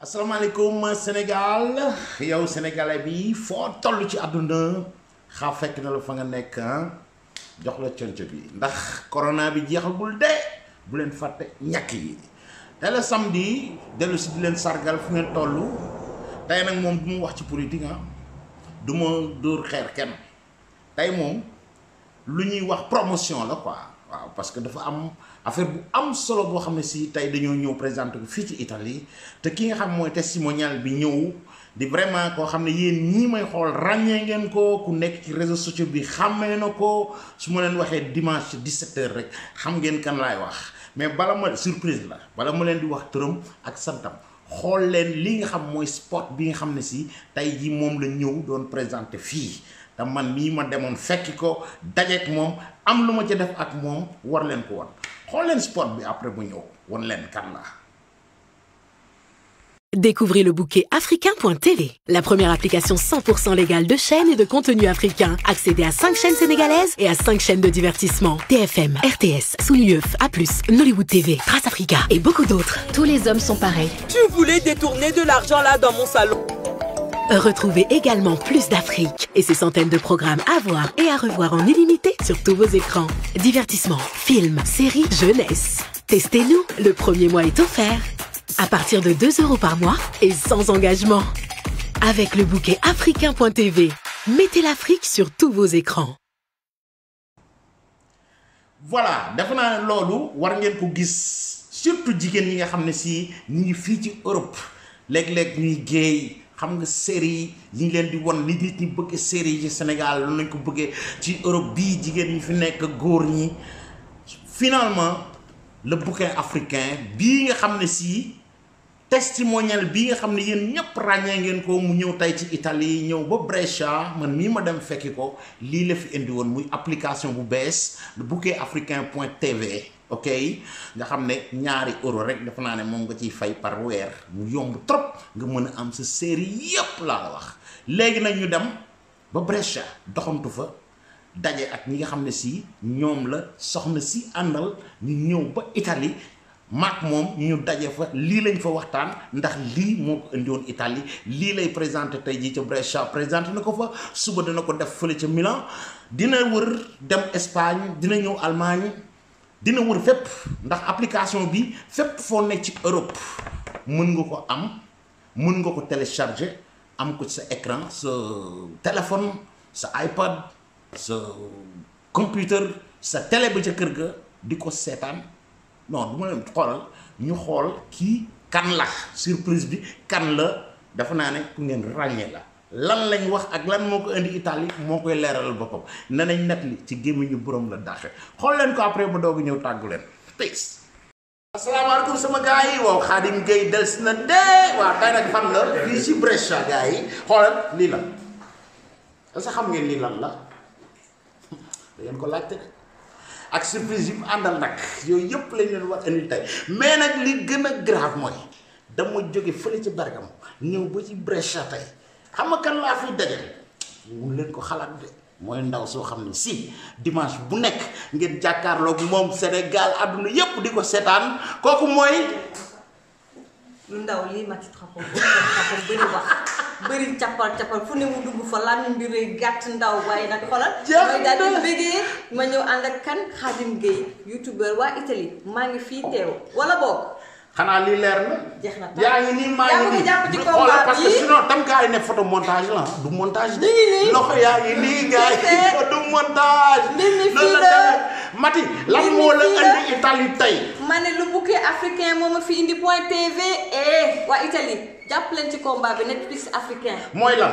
asalaamaaleykum Sénégal yow sénégalais bi foo toll ci àdduna xaa fekk na la fa nga nekk ah? jox la conco bi ndax corona bi jeexagul de bu leen fàtte ñàkk yi tey la samedi dellu si di leen sargal fu ngeen toll tey nag moom du wax ci politique ah du ma dóor xeer kenn tey moom lu ñuy wax promotion la quoi. waaw parce que dafa am affaire bu am solo boo xam ne si tey dañoo ñëw présenté ko fii ci Italie te ki nga xam mooy testimonial bi ñëw di vraiment koo xam ne yéen ñii may xool ràññee ngeen ko ku nekk ci réseaux sociaux bi xàmmee na ko su ma leen waxee dimanche 17h rek xam ngeen kan laay wax mais bala ma surprise la bala ma leen di wax turam ak santam xool leen li nga xam mooy spot bi nga xam ne si tey ji moom la ñëw doon présenté fii da man ma Découvrez le bouquet africain.tv, la première application 100% légale de chaînes et de contenu africain. Accédez à 5 chaînes sénégalaises et à 5 chaînes de divertissement. TFM, RTS, Soulieuf, A+, Nollywood TV, Trace Africa et beaucoup d'autres. Tous les hommes sont pareils. Tu voulais détourner de l'argent là dans mon salon Retrouvez également plus d'Afrique et ses centaines de programmes à voir et à revoir en illimité sur tous vos écrans. Divertissement, films, séries, jeunesse. Testez-nous, le premier mois est offert. À partir de 2 euros par mois et sans engagement. Avec le bouquet africain.tv, mettez l'Afrique sur tous vos écrans. Voilà, surtout les gens Europe xam nga série yi ñi leen di won li nit ñi bëgg série yi ci Sénégal lu nañ ko bëggee ci Europe bii jigéen ñi fi nekk ñi finalement le bouquin africain nga xam ne testimonial bi nga xam ne yéen ñëpp ràññee ngeen ko mu ñëw tey ci Italie ñëw ba Brescia man mii ma dem fekki ko lii la fi indi woon muy application bu bees le bouquin africain point tv ok nga xam ne ñaari euro rek dafa naa ne moom nga ciy fay par weer mu yomb trop nga mën a am sa série yépp laa wax léegi nag ñu dem ba Brescia doxantu fa daje ak ñi nga xam ne si ñoom la soxna si àndal ñu ñëw ba Italie maak moom ñu daje fa lii lañ fa waxtaan ndax lii moo ko indiwoon Italie lii lay présenté tey jii ca Brescia présenté na ko fa suba dina ko def fële ca Milan dina wër dem Espagne dina ñëw Allemagne dina wër fépp ndax application bi fépp foo nekk ci Europe mën nga ko am mën nga ko télécharger am ko sa écran sa téléphone sa iPad sa computer sa télé ba kër ga di ko seetaan non du ma leen xoolal ñu xool kii kan la surprise bi kan la dafa naa ne ku ngeen ràññee la lan lañ wax ak lan moo ko indi Italie moo koy leeralal boppam ne nañ nag li ci gémmiñu borom la dàqe xool leen ko après mu doogu ñëw tàggu leen peace. asalaamaaleykum sama gars yi waaw Khadim Gueye dellusi na dee waaw tey nag fan la fii ci Brescia gars yi xoolal lii lan sa xam ngeen lii lan la da ko laajte de ak surprise yi mu àndal nag yooyu yëpp lañ leen war indi tey mais nag li gën a grave mooy dama jóge fële ci Bergamo ñëw ba ci Brescia tey. xam nga kan laa fiy daje mu leen ko xalaat de mooy ndaw soo xam ne si dimanche bu nekk ngeen jàkkaarlook moom Sénégal àdduna yépp di ko seetaan kooku mooy. ndaw lii ma ci xapo bëri wax bëri cappal cappal fu ne mu dugg fa làmmiñ bi rëy gàtt ndaw waaye nag xolal mooy daal di bëggee ma ñëw ànd ak kan Khadim Gueye youtubeur waa Italie maa ngi fii teew wala boog. xanaa lii leer na. jeex na yaa ngi nii maa ngi nii jàpp ci combat parce que sinon tam gars yi ne photo montage la du montage. ñu loxo yaa ngi nii gars yi du montage. loolu la demee Mati lan moo la indi Italie tey. ma ne lu bouquet africain moo ma fi indi point TV. Eh, waa Italie jàpp leen ci combat bi Netflix africain. mooy lan.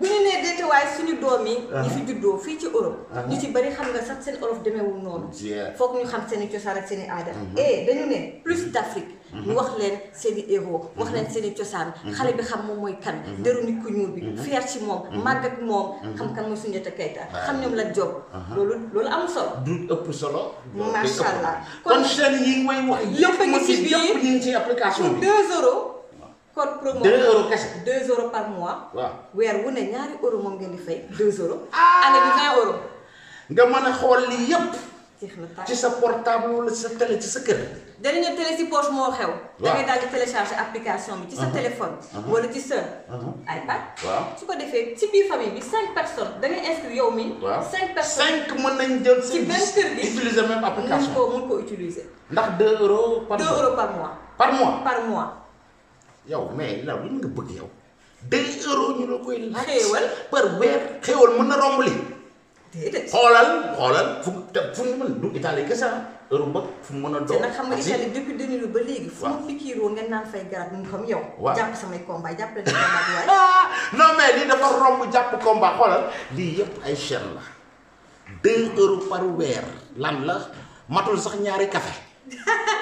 bu ñu nee déete waaye suñu doom yi. ñi fi juddoo fii ci Europe. ñu ci bari xam nga sax seen olof demeewul noonu. foog ñu xam seen i cosaan ak seen i aada. et eh, dañu ne plus d'Afrique. ñu wax leen seen i wax leen seen i cosaan. xale bi xam moom mooy kan. deru nit ku ñuul bi. fier ci moom màgg ak moom. xam kan mooy Soundiata Keita xam ñoom la job loolu loolu am solo. du ëpp solo. macha allah kon chaîne yi may wax yëpp. yëpp a ngi ci biir yëpp ñu ngi ci application bi. 2 kon promo 2 euros cash 2 euros par mois. waaw weer wu ne ñaari euro moom ngeen di fay 2 euros. Ah. année bi 20 euros. nga mën xol li lii yépp ci sa portable wala sa télé ci sa kër. ñu télé ci poche mo xew. da ngay daal di télécharger application bi. ci sa uh-huh. téléphone. Uh-huh. wala ci sa. Uh-huh. iPad. waaw su ko defee ci bi famille bi 5 personnes da ngay inscrire yow mi 5 personnes 5 mën nañ jël ci benn kër gi utiliser même application. mun koo mun ko utiliser. ndax 2 euros par 2 euros par mois. par mois par mois. yow mais law li nga bëgg yow deux euros ñu la koy laaj. par weer xéewal mën na romb lii. déedéet xoolal xoolal fu te fu mu mën du Italie kese ah. Europe ak fu mu mën a doon. te nag xam nga Italie depuis deux mille ba léegi. fu mu pikiiroo nga naan fay garab ñu xam yow. waaw jàpp samay combat bi waaye. jàpp combat xoolal ay chaîne la deux euros par weer lan la matul sax ñaari café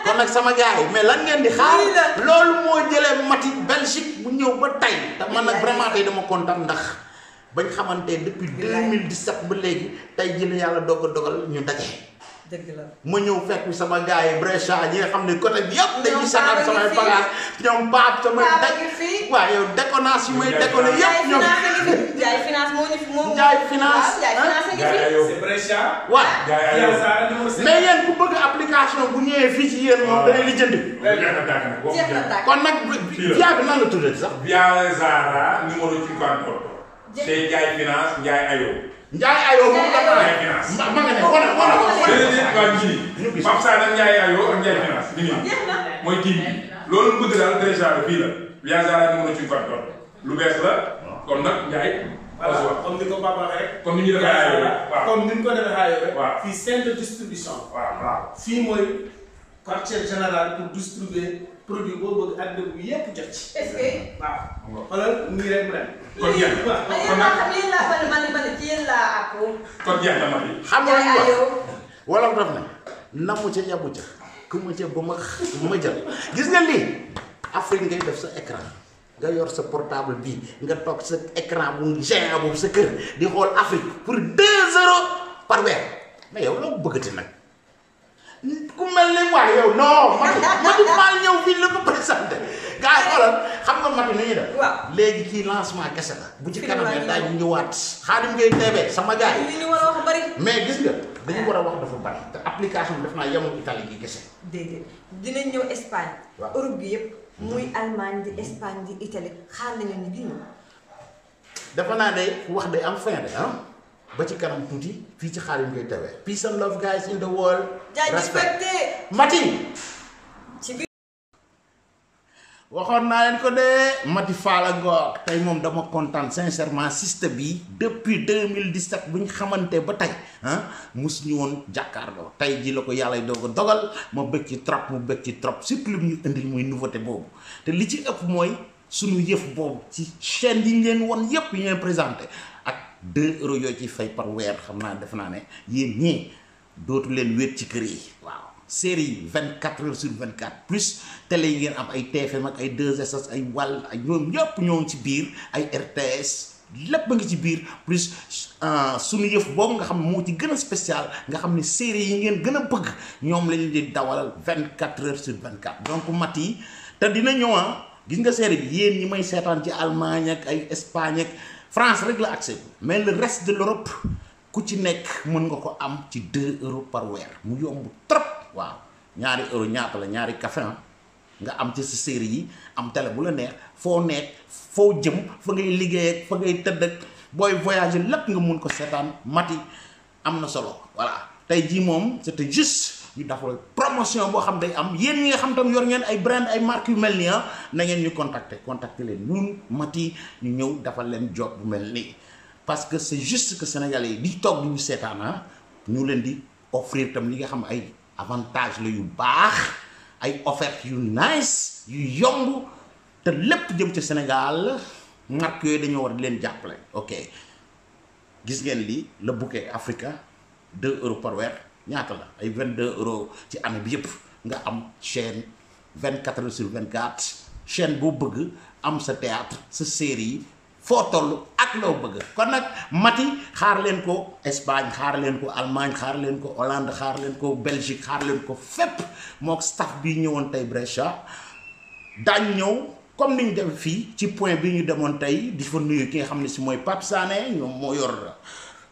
kon nag sama gars yi mais lan ngeen di xaar loolu moo jëlee Mati Belgique bu ñëw ba tey te man nag vraiment tey dama kontaan ndax bañ xamante depuis 2017 ba léegi tey jii la yàlla doog a dogal ñu daje. dëgg la ma ñëw fekk sama gars yi Brescia ñi nga xam ne côté bi yëpp dañuy saxaat samay bagages ñoom Pape samay daj waaw yow déconnage yu may déconné yëpp ñoom Ndiaye finance moo ñu fi moo. Ndiaye finance waaw Ndiaye finance a ngi fi. c'est Brescia. waaw mais yéen ku bëgg application bu ñëwee fii ci yéen moom da leen di jënd. kon nag. via bi nan la tuddati sax. via Zara numéro 54. c'est Ndiaye finance Ndiaye Ayo. Ndiaye Ayo moom la. Ndiaye finance ma ma nga ne xoolal xoolal. ñu gis Pape Sane ak Ndiaye Ayo ak Ndiaye finance. mooy kii bi loolu bëgg daal Brescia la fii la via Zara numéro 54 lu bees la. kon nag Ndiaye. voilà comme ni ko Pape waxee rek. comme ni ñu defee comme ni ñu ko defee xaayoo rek. waaw fii centre distribution. waaw waaw fii mooy quartier général pour distribuer produit boo bëgg àddina bi yépp jot ci. est-ce que. waaw xoolal nii rek mu dem. kon jeex na kon nag lii laa xam lii laa ci yéen laa àqu. kon jeex na ma lii. xam nga lu wax wala mu def ne. namu ca yabu ca. ku ma ca ba ma ma jël gis nga lii Afrique ngay def sa écran nga yor sa portable bi nga tok sa écran bu géant bu sa kër di xol afrique pour 2 euros par weer mais yow lo bëggati nak ku mel ni waa yow non man man maa ñëw fii la ko présenté gars yi xoolal xam nga matu ni ñu def waaw léegi lancement kese la bu ci kanamee daaj ñëwaat xaadim ngay teebee sama gars yi ñu war a wax bari mais gis nga dañu war a wax dafa bari te application def naa yemul italie gi kese déedéet dinañ ñëw espagne europe bi yëpp muy Allemagne di Espagne di Italie xaar ni bii dafa naa day wax day am fin de ah ba ci kanam tuuti fii ci xaar yi ñu peace and love guys in the world. respect Mati. waxoon naa leen ko de Mati Faala Ngor tey moom dama kontaan sincèrement système bi depuis 2017 bu ñu xamantee ba tey ah mus woon jàkkaarloo tey ji la ko yàlla doo ko dogal ma bëgg ci trop mu bëgg ci trop surtout li ñu indil muy nouveauté boobu te li ci ëpp mooy suñu yëf boobu ci chaîne yi ñu leen won yëpp yi ñu leen présenté ak 2 euros yoo ci fay par weer xam naa def naa ne yéen ñi dootu leen wéet ci kër yi waaw série 24 heures sur 24 plus télé yi ngeen am ay TFM ak ay 2SS ay wàll ay ñoom ñëpp ñoo ci biir ay RTS lépp a ngi ci biir plus euh, suñu yëf boobu nga xam ne moo ci gën a spécial nga xam ne série yi ngeen gën a bëgg ñoom lañu di dawalal 24 heures sur 24 donc mat yi te dina ñëw ah gis nga série bi yéen ñi may seetaan ci Allemagne ak ay Espagne ak France rek la accès mais le reste de l'Europe ku ci nekk mën nga ko am ci 2 euros par mu yomb trop waaw ñaari euro ñaata la ñaari café ah. nga am ci sa série yi am tele bu la neex foo nekk foo jëm fa ngay liggéey ak fa ngay tëdd booy voyagé lépp nga mun ko seetaan mati am na solo voilà tey jii moom c'était juste ñu defal promotion boo xam day am yéen ñi nga xam tam yor ngeen ay brand ay marques yu mel nii ah na ngeen ñu contacter contacter leen ñun mati ñu ñëw defal leen job bu mel nii parce que c'est juste que sénégal yi di toog di ñu seetaan ah, ñu leen di offrir tam li nga xam ay. avantage la yu baax ay offerte yu nice yu yomb te lépp jëm ci Sénégal marque yooyu dañoo war di leen jàppale ok gis ngeen lii le bouquet Africa deux euros par ñaata la ay vingt deux euros ci année bi yëpp nga am chaîne vingt quatre heures sur vingt quatre chaîne boo bëgg am sa théâtre sa série foo toll ak loo bëgg kon nag Mati xaar leen ko Espagne xaar leen ko Allemagne xaar leen ko Hollande xaar leen ko Belgique xaar ko fépp mook staff bi ñëwoon tey Brescia daañ ñëw comme ni ñu def fii ci point bi ñu demoon tey di fa nuyu ki nga xam ne si mooy Pape Sané ñoom moo yor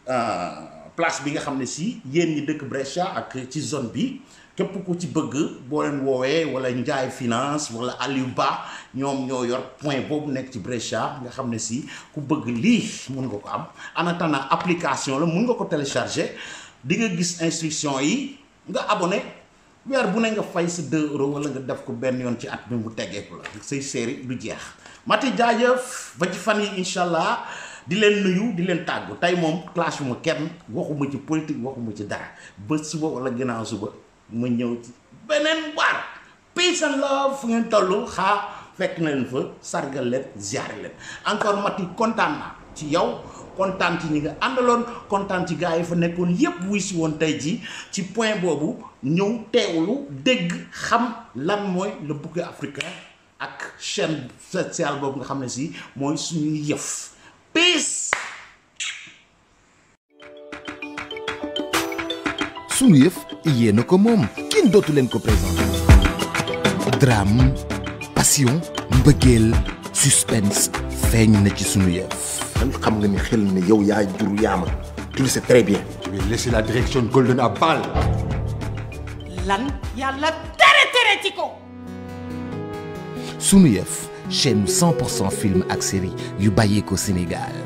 euh, place bi nga xam ne si yéen ñi dëkk Brescia ak ci zone bi képp ko ci bëgg boo leen woowee wala Njaay finance wala Aliou Ba ñoom ñoo yor point boobu nekk ci Brescia nga xam ne si ku bëgg lii mun nga ko am en attendant application la mun nga ko télécharger di nga gis instruction yi nga abone weer bu ne nga fay sa 2 euros wala nga def ko benn yoon ci at bi mu teggeeku la say série du jeex Mati jaajëf ba ci fan yi incha allah di leen nuyu di leen tàggu tey moom clashuma kenn waxuma ci politique waxuma ci dara ba suba wala ginnaaw suba mu ñëw beneen waar peace and love fu ngeen toll xaa fekk na leen fa sargal leen ziare kontaan naa ci yow kontaan ci ñi nga àndaloon kontaan ci gars yi fa nekkoon yépp wuy si woon tey jii ci point boobu ñëw teewlu dégg xam lan mooy la bouquet africain ak chaîne sociale boobu nga xam ne si mooy suñuy yëf peace suñu yëf yéen a ko moom kenn dootu leen ko présenté drame passion mbëggeel suspense feeñ na ci sunu yëf. man xam nga ni xel ne yow yaa jur yaa tu le sais très bien. tu vais laisser la direction Golden à Bâle. lan yàlla tere tere ci ko. sunu yëf chaîne 100 film ak série yu bàyyeekoo Sénégal.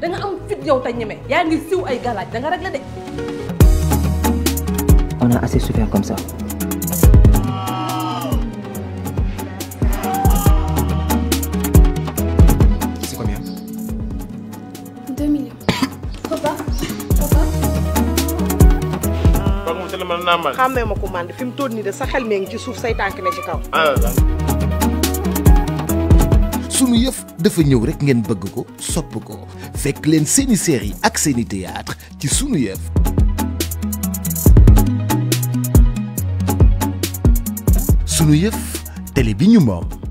da nga am fit yow te ñeme yaa ngi siw ay galaaj da nga réglé de. on a assez souffert comme ça. xàmmee ma ko mànd fi mu toll nii de sa xel mee ngi ci suuf say tànk ne ci kaw. sunu yëf dafa ñëw rek ngeen bëgg ko sopp ko fekk leen seeni série ak seeni théâtre ci sunu yëf sunu yëf télé bi ñu moom